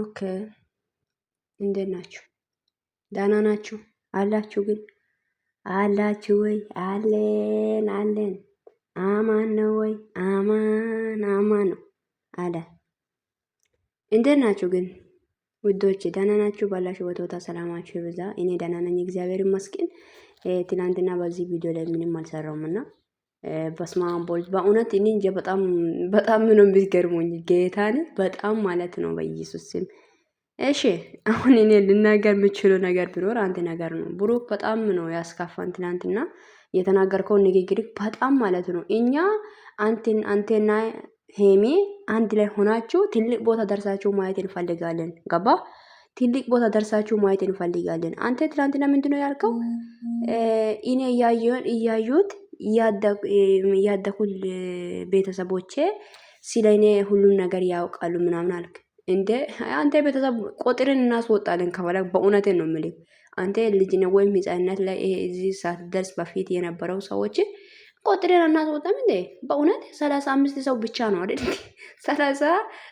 ኦኬ እንዴት ናችሁ? ደህና ናችሁ አላችሁ? ግን አላችሁ ወይ? አለን አለን። አማን ነው ወይ? አማን አማን ነው አለ። እንዴት ናችሁ ግን ውዶች ደህና ናችሁ? ባላችሁ ቦታ ሰላማችሁ ይብዛ። እኔ ደህና ነኝ፣ እግዚአብሔር ይመስገን። ትናንትና በዚህ ቪዲዮ ላይ ምንም አልሰራውም እና በስመ በእውነት እኔ እንጃ በጣም በጣም ነው የሚገርሙኝ ጌታን በጣም ማለት ነው በኢየሱስ ስም። እሺ አሁን እኔ ልናገር የምችሉ ነገር ቢኖር አንድ ነገር ነው። ብሩክ በጣም ነው ያስካፋን። ትናንትና የተናገርከው ንግግር በጣም ማለት ነው እኛ አንቴን አንቴና ሄሜ አንድ ላይ ሆናችሁ ትልቅ ቦታ ደርሳችሁ ማየት እንፈልጋለን። ገባ ትልቅ ቦታ ደርሳችሁ ማየት እንፈልጋለን። አንተ ትናንትና ምንድነው ያልከው? እኔ እያየሁት ያደኩ ቤተሰቦቼ ስለ እኔ ሁሉም ነገር ያውቃሉ ምናምን አልክ እንደ አንተ ቤተሰብ ቆጥርን እናስወጣለን ከፈለግ በእውነቴን ነው የምልህ። አንተ ልጅ ነህ ወይም ህፃንነት ላይ ይሄ እዚህ ሳትደርስ በፊት የነበረው ሰዎችን ቆጥርን እናስወጣም እንዴ? በእውነት ሰላሳ አምስት ሰው ብቻ ነው አይደል? ሰላሳ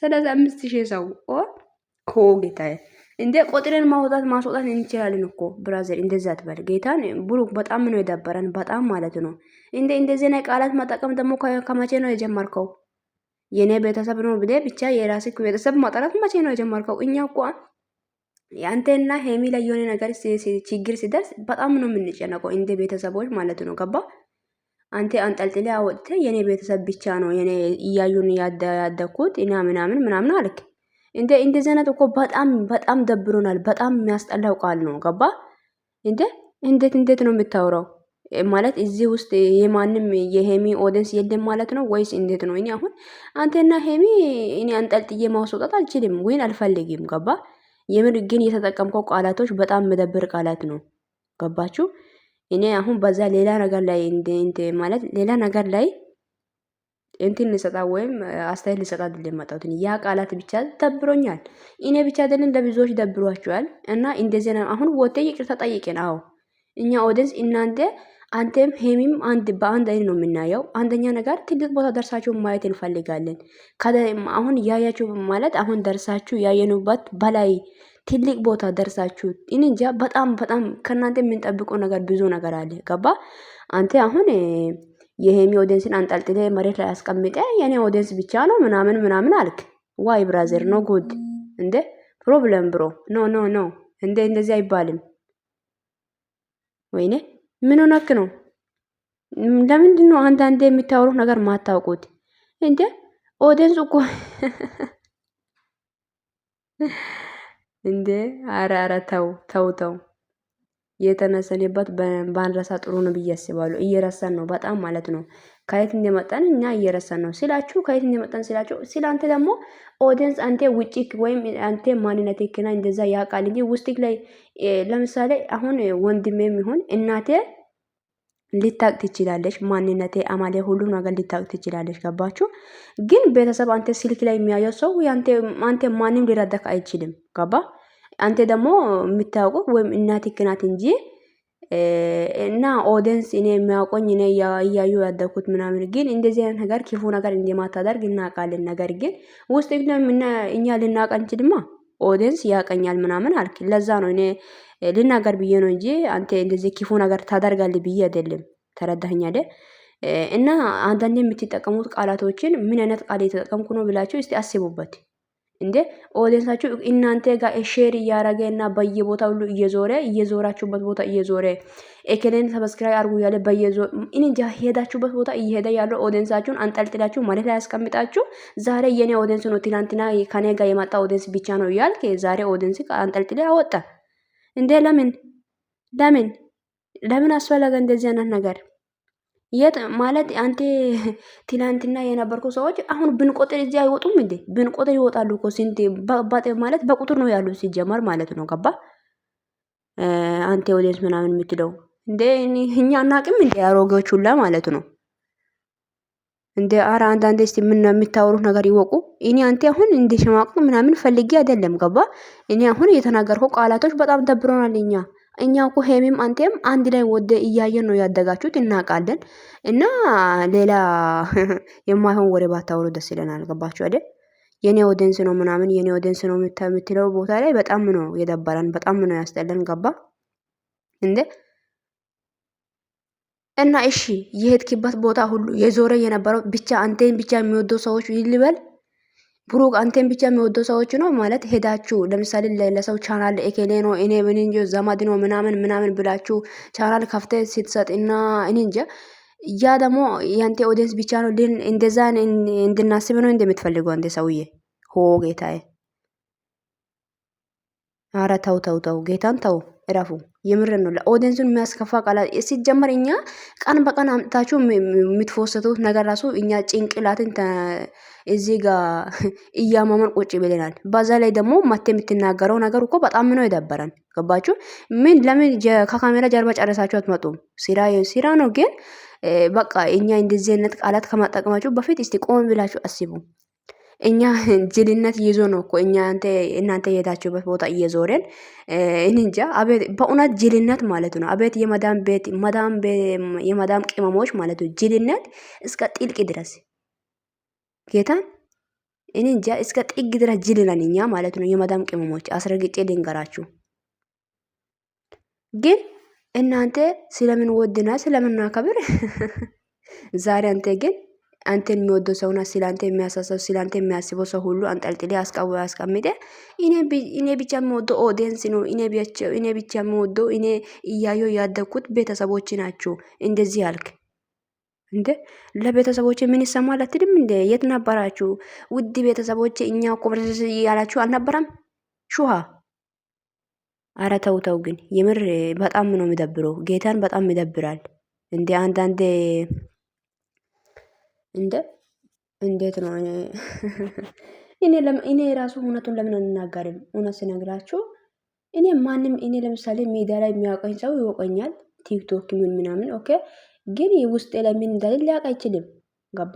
ሰላሳ አምስት ሺህ ሰው ኦ ጌታዬ እንደ ቆጥረን ማውጣት ማስወጣት እንችላለን እኮ ብራዘር፣ እንደዛ ትበል ጌታን ብሩክ በጣም ነው የደበረን፣ በጣም ማለት ነው። እንደ እንደዚህ አይነት ቃላት መጠቀም ደግሞ ከመቼ ነው የጀመርከው? የኔ ቤተሰብ ነው ብለህ ብቻ የራስህ ቤተሰብ ማጠራት መቼ ነው የጀመርከው? እኛ እኮ አንተና ሄሚ ላይ የሆነ ነገር ችግር ሲደርስ በጣም ነው የምንጨነቀው፣ እንደ ቤተሰቦች ማለት ነው። ገባ አንተ አንጠልጥለህ አወጥተህ የኔ ቤተሰብ ብቻ ነው የኔ እያዩን ያደኩት እና ምናምን ምናምን አልክ። እንደ እንደዚህ አይነት እኮ በጣም በጣም ደብሮናል። በጣም የሚያስጠላው ቃል ነው። ገባ እንደ እንዴት እንዴት ነው የምታወራው ማለት እዚህ ውስጥ የማንም የሄሚ ኦዲንስ የለም ማለት ነው ወይስ እንዴት ነው? እኔ አሁን አንተና ሄሚ እኔ አንጠልጥዬ ማስወጣት አልችልም ወይን አልፈልግም። ገባ የምር ግን የተጠቀምከው ቃላቶች በጣም መደብር ቃላት ነው። ገባችሁ? እኔ አሁን በዛ ሌላ ነገር ላይ ማለት ሌላ ነገር ላይ እንትን ልሰጣ ወይም አስተያየት ልሰጣ አይደለም መጣሁት። ያ ቃላት ብቻ ደብሮኛል። እኔ ብቻ አይደለም ለብዙዎች ደብሯቸዋል። እና እንደዚህ አሁን ወቴ ይቅርታ ጠይቀን። አዎ እኛ ኦደንስ እናንተ አንተም ሄሚም አንድ በአንድ አይነት ነው የምናየው። አንደኛ ነገር ትልቅ ቦታ ደርሳችሁ ማየት እንፈልጋለን። አሁን ያያችሁ ማለት አሁን ደርሳችሁ ያየኑበት በላይ ትልቅ ቦታ ደርሳችሁ እንጃ። በጣም በጣም ከእናንተ የምንጠብቀው ነገር ብዙ ነገር አለ። ገባ አንተ አሁን የሄሚ ኦዲንስን አንጠልጥለ መሬት ላይ አስቀምጠ የኔ ኦዲንስ ብቻ ነው ምናምን ምናምን አልክ። ዋይ ብራዘር ኖ ጉድ እንደ ፕሮብለም ብሮ ኖ ኖ ኖ እንደ እንደዚህ አይባልም። ወይኔ ምን ሆነክ ነው? ለምንድን ነው አንዳንዴ የምታወሩት ነገር ማታውቁት? እንደ ኦዲንስ እኮ እንደ አረ አረ ተው ተው ተው። የተነሰንበት ባንረሳ ጥሩ ነው ብዬ አስባለሁ። እየረሳን ነው በጣም ማለት ነው። ከየት እንደመጣን እኛ እየረሳን ነው ስላችሁ ከየት እንደመጣን ስላችሁ ስለ አንተ ደግሞ ኦዲየንስ አንተ ውጭክ ወይም አንተ ክና እንደዛ ያውቃል እንጂ ውስጥክ ላይ ለምሳሌ አሁን ወንድሜ ይሁን እናቴ ልታቅ ትችላለች። ማንነቴ አማሌ ሁሉ ነገር ልታቅ ትችላለች። ገባችሁ? ግን ቤተሰብ አንተ ስልክ ላይ የሚያየው ሰው አንተ ማንም ሊረዳክ አይችልም። ገባ? አንተ ደግሞ የምታውቁ ወይም እናትህ እንጂ እና ኦዲንስ እኔ የሚያውቆኝ እኔ እያዩ ያደኩት ምናምን፣ ግን እንደዚህ አይነት ነገር ክፉ ነገር እንደማታደርግ እናውቃለን። ነገር ግን ውስጥ እኛ ልናውቅ አንችልማ። ኦዲንስ ያቀኛል ምናምን አልክ። ለዛ ነው እኔ ልናገር ብዬ ነው እንጂ አንተ እንደዚህ ክፉ ነገር ታደርጋል ብዬ አይደለም። ተረዳኛ ደ እና አንዳንዴ የምትጠቀሙት ቃላቶችን ምን አይነት ቃል የተጠቀምኩ ነው ብላችሁ እስቲ አስቡበት። እንዴ ኦዲየንሳችሁ እናንተ ጋር ሼር እያረገ እና በየቦታ ሁሉ እየዞረ እየዞራችሁበት ቦታ እየዞረ ኤኬሌን ሰብስክራይብ አርጉ ያለ በየዞ እንጃ ሄዳችሁበት ቦታ እየሄደ ያለው ኦዲየንሳችሁን አንጠልጥላችሁ መሬት ላይ ያስቀምጣችሁ። ዛሬ የኔ ኦዲየንስ ነው፣ ትናንትና ከኔ ጋር የመጣ ኦዲየንስ ብቻ ነው እያልክ ዛሬ ኦዲየንስ አንጠልጥላ አወጣ እንዴ! ለምን ለምን ለምን አስፈለገ እንደዚህ አይነት ነገር? የት ማለት አንቴ ትላንትና የነበርኩ ሰዎች አሁን ብንቆጥር እዚህ አይወጡም እንዴ? ብንቆጥር ይወጣሉ እኮ ስንት ማለት በቁጥር ነው ያሉ ሲጀመር ማለት ነው። ገባ አንቴ ወዴት ምናምን የምትለው እንዴ? እኛ አናቅም እንዴ? አሮጌዎች ሁላ ማለት ነው እንዴ? አረ አንዳንዴ ስ የምታወሩ ነገር ይወቁ። እኔ አንቴ አሁን እንዴ ሸማቁ ምናምን ፈልጌ አይደለም። ገባ እኔ አሁን የተናገርኩ ቃላቶች በጣም ደብሮናል እኛ እኛ እኮ ሄሚም አንቴም አንድ ላይ ወደ እያየን ነው ያደጋችሁት፣ እናውቃለን። እና ሌላ የማይሆን ወሬ ባታወሩ ደስ ይለናል። አልገባችሁ አይደል? የኔ ወደንስ ነው ምናምን የኔ ወደንስ ነው የምትለው ቦታ ላይ በጣም ነው የደበረን፣ በጣም ነው ያስጠለን። ገባ እንዴ? እና እሺ የሄድክበት ቦታ ሁሉ የዞረ የነበረው ብቻ አንቴን ብቻ የሚወደው ሰዎች ይልበል ብሩክ አንተን ብቻ የሚወዱ ሰዎች ነው ማለት ሄዳችሁ ለምሳሌ ለሰው ቻናል ኤኬሌ ነው እኔ ምንንጆ እንጂ ነው ምናምን ምናምን ብላችሁ ቻናል ከፍተ ስትሰጥ እና እኔንጀ ያ ደግሞ ያንተ ኦዲንስ ብቻ ነው ልን እንደዛ እንድናስብ ነው እንደምትፈልገው አንተ ሰውዬ። ሆ ጌታዬ፣ አረ ተው ተው ተው፣ ጌታን ተው። እረፉ። የምር ነው። ለኦዲየንሱን የሚያስከፋ ቃላት ሲጀመር እኛ ቀን በቀን አምጥታችሁ የምትፎሰቱት ነገር ራሱ እኛ ጭንቅላትን እዚህ ጋር እያማመን ቁጭ ብለናል። በዛ ላይ ደግሞ ማት የምትናገረው ነገር እኮ በጣም ነው የደበረን። ገባችሁ? ምን ለምን ከካሜራ ጀርባ ጨረሳችሁ አትመጡም? ስራ ስራ ነው ግን በቃ እኛ እንደዚህ አይነት ቃላት ከማጠቀማችሁ በፊት እስቲ ቆም ብላችሁ አስቡ። እኛ ጅልነት ይዞ ነው እኮ እናንተ የሄዳችሁበት ቦታ እየዞረን እንጃ። አቤት በእውነት ጅልነት ማለት ነው። አቤት የመዳም ቤት የመዳም ቅመሞች ማለት ነው። ጅልነት እስከ ጥልቅ ድረስ ጌታን እንጃ እስከ ጥግ ድረስ ጅልነን እኛ ማለት ነው። የመዳም ቅመሞች አስረግጬ ልንገራችሁ። ግን እናንተ ስለምን ወድና ስለምናከብር ዛሬ አንተ ግን አንተ የሚወደው ሰውና ስላንተ የሚያሳሰብ አንተ የሚያስበው ሰው ሁሉ አንጠልጥሌ አስቀው አስቀምጠ። እኔ ብቻ የሚወደው ኦዲየንስ ነው። እኔ ብቻ የሚወደው እኔ እያየው ያደግኩት ቤተሰቦች ናቸው። እንደዚህ አልክ እንዴ? ለቤተሰቦች ምን ይሰማል አትልም እንዴ? የት ነበራችሁ ውድ ቤተሰቦች? እኛ ኮብረስ ያላችሁ አልነበረም? ሹሃ አረ ተው ተው። ግን የምር በጣም ነው የሚደብረው። ጌታን በጣም ይደብራል እንዴ አንዳንዴ እንደ እንዴት ነው እኔ እኔ የራሱ እውነቱን ለምን አንናገርም? እውነት ስነግራችሁ እኔ ማንም እኔ ለምሳሌ ሜዳ ላይ የሚያውቀኝ ሰው ይወቀኛል፣ ቲክቶክ ምን ምናምን ኦኬ። ግን ውስጤ ላይ ምን እንዳለ ሊያውቅ አይችልም። ገባ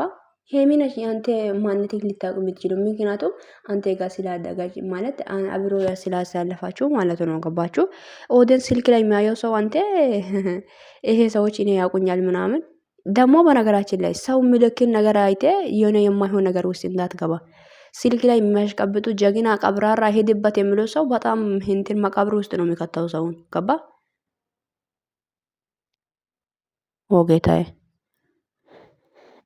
ሄሚነሽ አንተ ማንነት ልታውቅ የምትችለው ምክንያቱም አንተ ጋር ስላደጋጅ ማለት አብሮ ስላሳለፋችሁ ማለት ነው። ገባችሁ? ኦደን ስልክ ላይ የሚያየው ሰው አንተ ይሄ ሰዎች እኔ ያውቁኛል ምናምን ደግሞ በነገራችን ላይ ሰው ምልክን ነገር አይቴ የሆነ የማይሆን ነገር ውስጥ እንዳትገባ። ስልክ ላይ የሚያሽቀብጡ ጀግና ቀብራራ ሄድበት የሚለው ሰው በጣም እንትን መቃብር ውስጥ ነው የሚከተው ሰውን። ገባ ወጌታዬ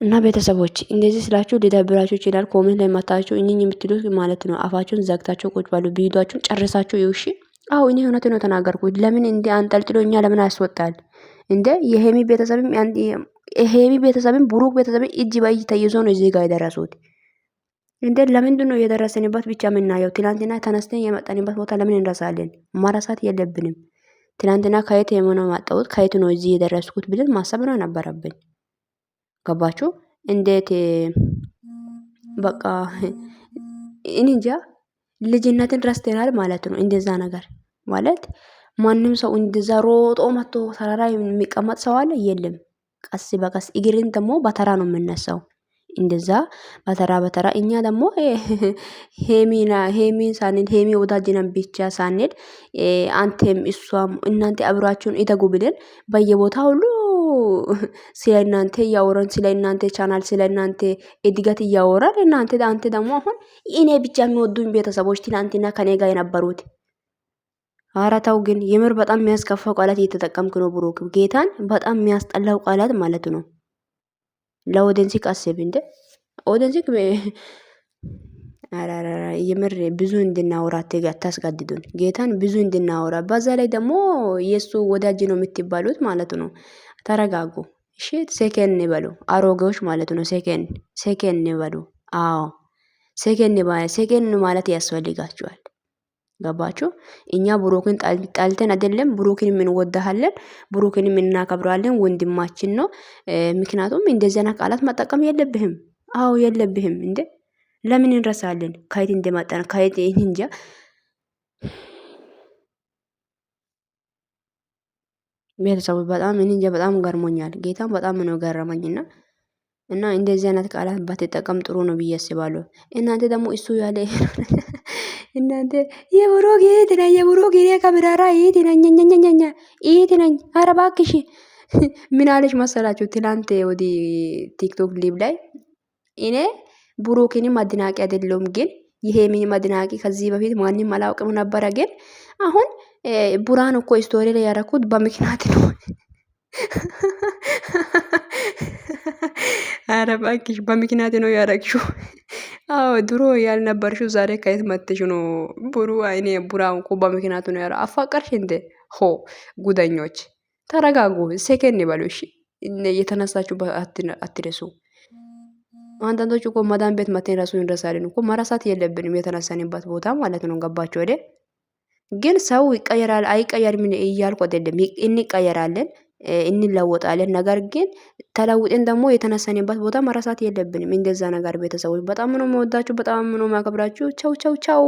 እና ቤተሰቦች እንደዚህ ስላችሁ ሊደብራችሁ ይችላል። ኮሜንት ላይ መታችሁ እኝኝ የምትሉ ማለት ነው። አፋችሁን ዘግታችሁ ቁጭ ባሉ ቢሄዷችሁን ጨርሳችሁ ይውሺ። አሁ እኔ እውነት ነው ተናገርኩት። ለምን እንዲ አንጠልጥሎ እኛ ለምን አያስወጣል እንደ የሄሚ ቤተሰብም ሄሚ ቤተሰብን ብሩክ ቤተሰብን እጅ በእጅ ተይዞ ነው እዚህ ጋር የደረሱት። እንዴ ለምንድን ነው የደረስንበት ብቻ የምናየው? ትናንትና ተነስተን የመጣንበት ቦታ ለምን እንረሳለን? ማራሳት የለብንም። ትናንትና ከየት የሆነ ማጣውት ከየት ነው እዚህ የደረስኩት ብለን ማሰብ ነው ነበረብን። ገባችሁ? እንዴት በቃ እንጃ ልጅነትን ረስተናል ማለት ነው። እንደዛ ነገር ማለት ማንም ሰው እንደዛ ሮጦ መጥቶ ተራራ የሚቀመጥ ሰው አለ የለም። ቀስ በቀስ እግርን ደግሞ በተራ ነው የምነሳው። እንደዛ በተራ በተራ እኛ ደግሞ ሄሚና ሄሚን ሳንል ሄሚ ወዳጅነን ብቻ ሳንል አንቴም እሷም እናንተ አብራችሁን እተጉ ብለን በየቦታ ሁሉ ስለ እናንተ እያወራን ስለ እናንተ ቻናል ስለ እናንተ እድገት እያወረን እናንተ አንተ ደግሞ አሁን እኔ ብቻ የሚወዱኝ ቤተሰቦች ትናንትና ከኔ ጋር የነበሩት አራታው ግን የምር በጣም የሚያስከፋው ቃላት እየተጠቀምክ ነው ብሩክ። ጌታን በጣም የሚያስጠላው ቃላት ማለት ነው። ለኦዲንስ አስብ እንደ ኦዲንስ የምር ብዙ እንድናወራ ታስገድዱን። ጌታን ብዙ እንድናወራ በዛ ላይ ደግሞ የእሱ ወዳጅ ነው የምትባሉት ማለት ነው። ተረጋጉ እሺ። ሴኬን በሉ አሮጌዎች ማለት ነው። ሴኬን ሴኬን በሉ አዎ፣ ሴኬን ማለት ያስፈልጋችኋል። ገባችሁ? እኛ ብሩክን ጣልተን አይደለም። ብሩክንም እንወዳሃለን፣ ብሩክንም እናከብራለን። ወንድማችን ነው። ምክንያቱም እንደዚህና ቃላት መጠቀም የለብህም። አዎ የለብህም። እንዴ ለምን እንረሳለን? ከየት እንደመጣን ከየት እንጃ። ቤተሰቡ በጣም እንጃ፣ በጣም ገርሞኛል። ጌታም በጣም ነው ገረመኝና እና እንደዚህ አይነት ቃላት ባትጠቀም ጥሩ ነው ብዬ አስባለሁ። እናንተ ደግሞ እሱ ያለ እናንተ የብሮ ጌት ነኝ፣ የብሮ ጌት ከብራራ ይሄት ነኝ፣ ኛኛኛኛ ይሄት ነኝ። አረ እባክሽ ምን አለሽ መሰላችሁ? ትላንት ወዲ ቲክቶክ ሊብ ላይ እኔ ብሩክንም አድናቂ አይደለሁም፣ ግን ይሄ ምን አድናቂ ከዚህ በፊት ማንም አላውቅም ነበረ። ግን አሁን ቡራን እኮ ስቶሪ ላይ ያረኩት በምክንያት ነው። አረ እባክሽ በምክንያት ነው ያረግሽው። አዎ ድሮ ያልነበርሽው ዛሬ ከየት መጥሽ ነው? ቡሩ አይኔ ቡራ እኮ መኪናቱ ነው ያለው። አፋቀርሽ እንዴ? ሆ ጉደኞች ተረጋጉ፣ ሴኬን ይበሉ። እሺ እየተነሳችሁ አትደሱ። አንዳንዶች እኮ መዳን ቤት መቴን ራሱ እንረሳለን እኮ። መረሳት የለብንም የተነሳንበት ቦታ ማለት ነው። ገባችሁ ወደ ግን ሰው ይቀየራል አይቀየርም እያልኩ አይደለም፣ እንቀየራለን እንለወጣለን። ነገር ግን ተለውጥን ደግሞ የተነሳንበት ቦታ መረሳት የለብንም። እንደዛ ነገር ቤተሰቦች በጣም ነው መወዳችሁ፣ በጣም ነው ማከብራችሁ። ቸው ቸው ቸው።